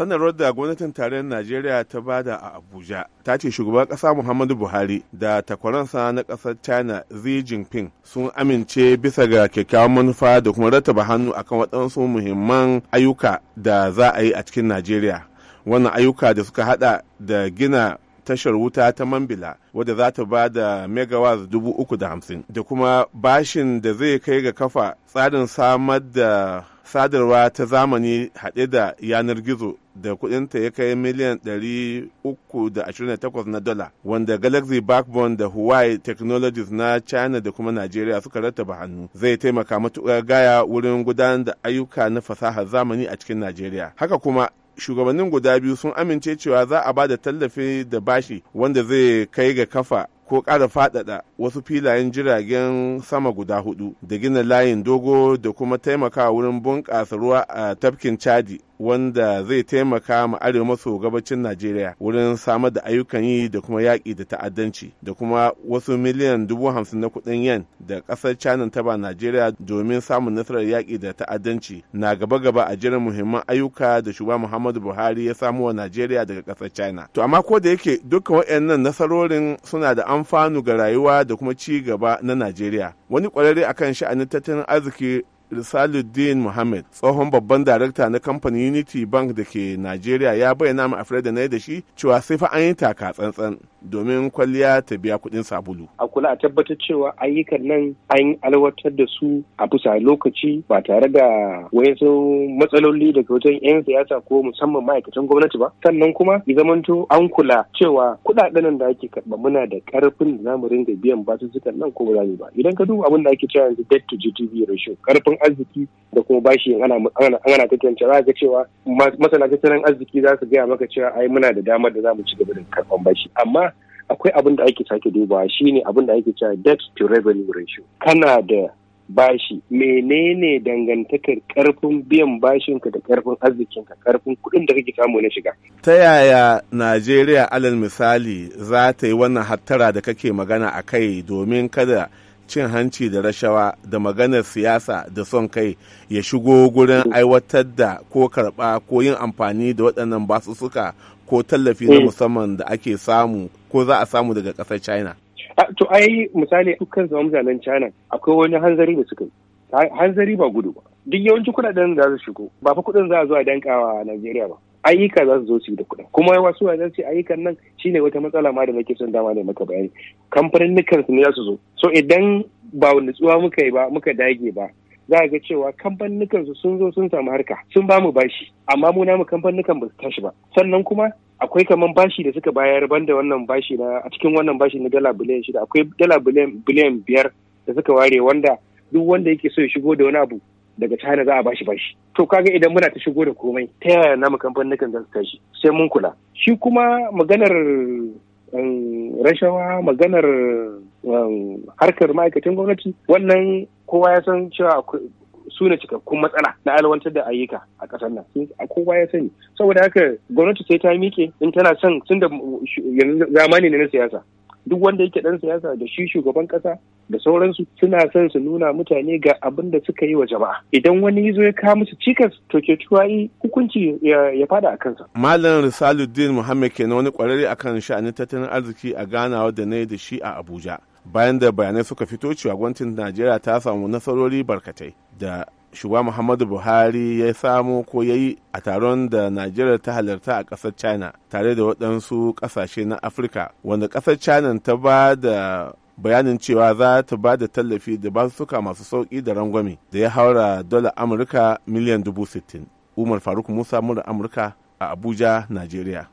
sanarwar da gwamnatin tarayyar najeriya ta bada a abuja ta ce shugaban kasa muhammadu buhari da takwaransa na kasar china xi jinping sun amince bisa ga kyakkyawan manufa da kuma rattaba hannu akan waɗansu muhimman ayyuka da za a yi a cikin najeriya wannan ayyuka da suka hada da gina tashar wuta ta mambila wadda za ta ba da megawatt dubu uku da hamsin da kuma bashin da zai kai ga kafa tsarin samar da sadarwa ta zamani haɗe da yanar gizo da kudinta ya kai miliyan 328 na dola wanda galaxy backbone da huawei technologies na china da kuma nigeria suka rattaba hannu zai taimaka matuƙar gaya wurin gudanar da ayyuka na fasahar zamani a cikin nigeria haka kuma shugabannin guda biyu sun amince cewa za a ba da tallafi da bashi wanda zai kai ga kafa ko ƙara faɗaɗa wasu filayen jiragen sama guda hudu da gina layin dogo da kuma taimaka wurin bunƙasa ruwa a tafkin chadi wanda zai taimaka ma arewa maso gabacin najeriya wurin samar da ayyukan yi da kuma yaƙi da ta'addanci da kuma wasu miliyan dubu hamsin na kuɗin yen da ƙasar china ta ba najeriya domin samun nasarar yaƙi da ta'addanci na gaba-gaba a jiran muhimman ayyuka da shugaban muhammadu buhari ya samu wa najeriya daga ƙasar china to amma ko da yake dukkan waɗannan nasarorin suna da amfanu ga rayuwa da kuma ci gaba na Najeriya. Wani kwararre akan sha'anin tattalin arziki Risaluddin Mohamed, tsohon babban darakta na kamfanin Unity Bank da ke Nigeria, ya bayyana ma Afirka da na da shi cewa sai fa an yi taka tsantsan domin kwalliya ta biya kudin sabulu. A kula a tabbatar cewa ayyukan nan an alwatar da su a bisa lokaci ba tare da wasu matsaloli daga wajen 'yan siyasa ko musamman ma'aikatan gwamnati ba. Sannan kuma ya zamanto an kula cewa kuɗaɗen nan da ake karba muna da karfin da za ringa biyan basussukan nan ko ba za mu ba. Idan ka duba abin da ake cewa yanzu debt to GDP ratio ƙarfin arziki da kuma bashi in ana ana tantance za ga cewa masana tattalin arziki za su gaya maka cewa ai muna da damar da za mu ci gaba da karban bashi amma akwai abin da ake sake dubawa shine abin da ake cewa debt to revenue ratio kana da bashi menene dangantakar karfin biyan bashinka da karfin arzikinka karfin kuɗin da kake samu na shiga ta yaya najeriya alal misali za ta yi wannan hattara da kake magana a kai domin kada cin hanci da rashawa da maganar siyasa da son kai ya shigo gurin aiwatar da ko karɓa ko yin amfani da waɗannan basussuka ko tallafi na eh. musamman da ake samu ko za a samu daga ƙasar china to ai misali dukkan zama mutanen china akwai wani hanzari da suka hanzari ba gudu ba duk yawanci da za su shigo ba fa kuɗin za a zo a dankawa a najeriya ba ayyuka za su zo su da kuɗin kuma yawa su wajen su ayyukan nan shine wata matsala ma da nake son dama ne maka bayani kamfanin su ne za su zo so idan ba nutsuwa muka yi ba muka dage ba za a ga cewa kamfanin su sun zo sun samu harka sun ba mu bashi amma mu namu kamfanin ba su tashi ba sannan kuma akwai kamar bashi da suka bayar banda wannan bashi na a cikin wannan bashi na dala biliyan shida akwai dala biliyan biyar da suka ware wanda duk wanda yake so ya shigo da wani abu daga China za a bashi bashi. To kaga idan muna ta shigo da komai ta yaya namu kamfanin za su tashi sai mun kula. Shi kuma maganar um, rashawa maganar um, harkar ma'aikatan gwamnati wannan kowa ya san cewa su ne cikakkun matsala na alwantar da ayyuka a ƙasar nan A kowa ya sani saboda haka gwamnati sai ta miƙe in tana son tunda yanzu zamani ne na siyasa duk wanda yake dan siyasa da shi shugaban kasa da sauransu suna son su nuna mutane ga abin da suka yi wa jama'a idan wani yazo ya kawo musu cikas to ke yi hukunci ya fada a kansa malam risaluddin ke na wani kwararre akan sha'anin tattalin arziki a ganawa da na da shi a abuja bayan da bayanai suka fito cewa gwamnatin najeriya ta samu nasarori barkatai da shugaba muhammadu buhari ya samo ko ya yi a taron da najeriya ta halarta a ƙasar china tare da waɗansu ƙasashe na afirka wanda ƙasar china ta ba da bayanin cewa za ta ba da tallafi da basuka masu sauƙi da rangwame da ya haura dala amurka miliyan dubu sittin umar faruk musa mura amurka a abuja najeriya